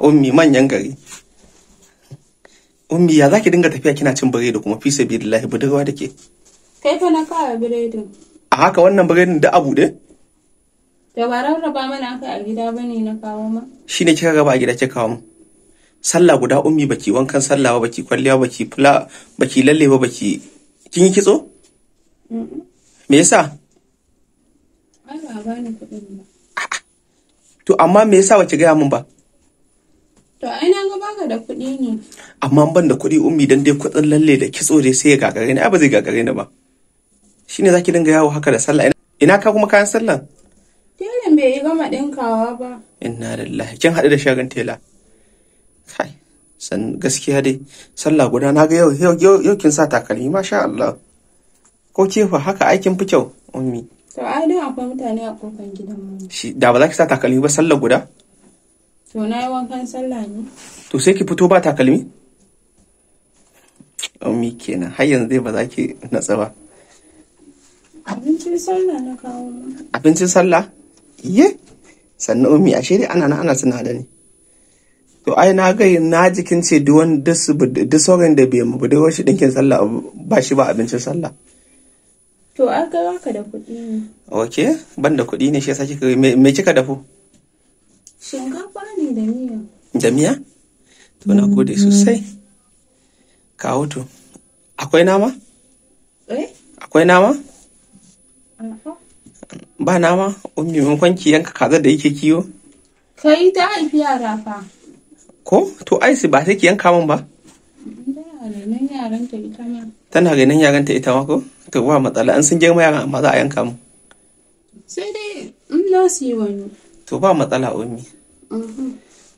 Ummi manyan gari. Ummi ya za ki dinga tafiya kina cin biredi kuma fi sabi lillahi budurwa da ke. Kai fa na kawo biredin. A haka wannan biredin da abu dai? Da ba rarraba mana aka a gida ba ne na kawo ma. Shi ne kika raba a gida kika kawo mu. Sallah guda ummi baki wankan sallah ba baki kwalliya baki fula baki lalle ba baki kin yi kitso? Me yasa? Ai ba bani kuɗin ba. to amma me yasa wace gaya min ba to ai na ga baka da kuɗi ne amma ban da kuɗi ummi dan dai kuɗin lalle da kitso dai sai ya gagare ni ai ba zai gagare ni ba shine zaki dinga yawo haka da sallah ina ka kuma kayan sallah? telan bai yi gama ɗinkawa ba inna lillahi kin haɗu da shagon tela kai san gaskiya dai sallah guda na ga yau yau kin sa takalmi masha Allah ko kefa fa haka aikin fi kyau ummi to ai dai akwai mutane a kofan gidan mu da ba za ki sa takalmi ba sallar guda to na yi wankan sallah ne to sai ki fito ba takalmi oh, mi kenan har yanzu zai ba za ki natsa ba abincin sallah na kawo ma. abincin sallah iye sannan umi ashe dai ana na ana sinadari to ai na ga na jikin ce duwan wani duk sauran da bai mu budurwar shi dinkin sallah ba shi ba abincin sallah To an ga baka da kuɗi ne. Ok, ban da kuɗi ne shi yasa kika me kika dafo? Shinkafa ne da miya. Da miya? To na gode mm-hmm. sosai. Kawo to. Akwai nama? Eh? Akwai nama? Ba nama, ummi mun kwanki yanka kaza da yake kiyo. Kai ta haifi yara fa. Ko? To ai ba sai ki yanka min ba. tana renon yaranta ita ma ko to ba matsala an sun girma yaran amma za a yanka mu sai dai in na su yi wani to ba matsala omi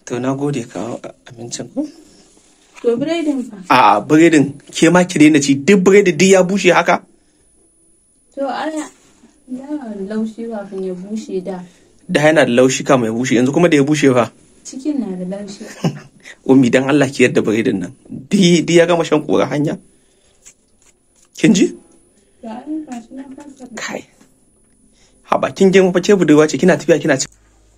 to na gode ka amincin. ko to biredin fa a biredin ke ma ki daina ci duk biredi duk ya bushe haka to ana laushi kan ya bushe da da yana da laushi kama ya bushe yanzu kuma da ya bushe fa cikin na da laushi ummi dan Allah ki yadda biredin nan di ya gama shan kura hanya kin ji kai haba kin je fa ce budurwa ce kina tafiya kina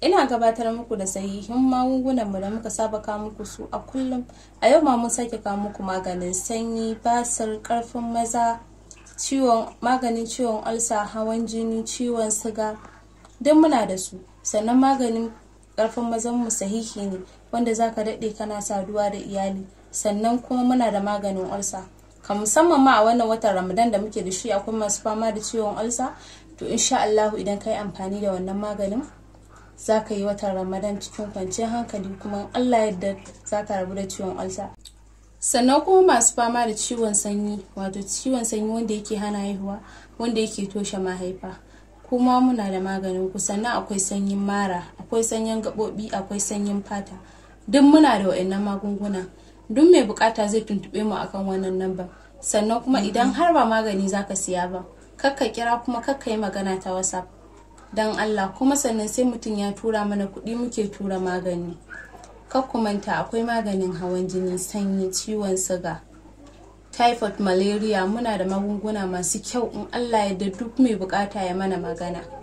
ina gabatar muku da sahihin magungunan mu da muka saba ka muku su a kullum a yau ma mun sake ka muku maganin sanyi basir karfin maza ciwon maganin ciwon alsa hawan jini ciwon siga duk muna da su sannan maganin karfin mazan mu sahihi ne wanda zaka daɗe kana saduwa da iyali sannan kuma muna da maganin ulsa ka musamman ma a wannan watan ramadan da muke da shi akwai masu fama da ciwon ulsa to insha allahu idan ka amfani da wannan maganin za ka yi watan ramadan cikin kwanciyar hankali kuma allah yadda za ka rabu da ciwon ulsa sannan kuma masu fama da ciwon sanyi wato ciwon sanyi wanda yake hana haihuwa wanda yake toshe mahaifa kuma muna da maganin kusa sannan akwai sanyin mara akwai sanyin gaɓoɓi akwai sanyin fata duk muna da wa'annan magunguna duk mai bukata zai tuntuɓe mu akan wannan namba sannan kuma mm-hmm. idan har ba magani zaka siya ba kakka kira kuma kakka yi magana ta whatsapp dan allah kuma sannan sai mutum ya tura mana kuɗi muke tura magani kakku manta akwai maganin hawan jini sanyi ciwon siga typhoid malaria muna da magunguna masu kyau in allah ya da duk mai bukata ya mana magana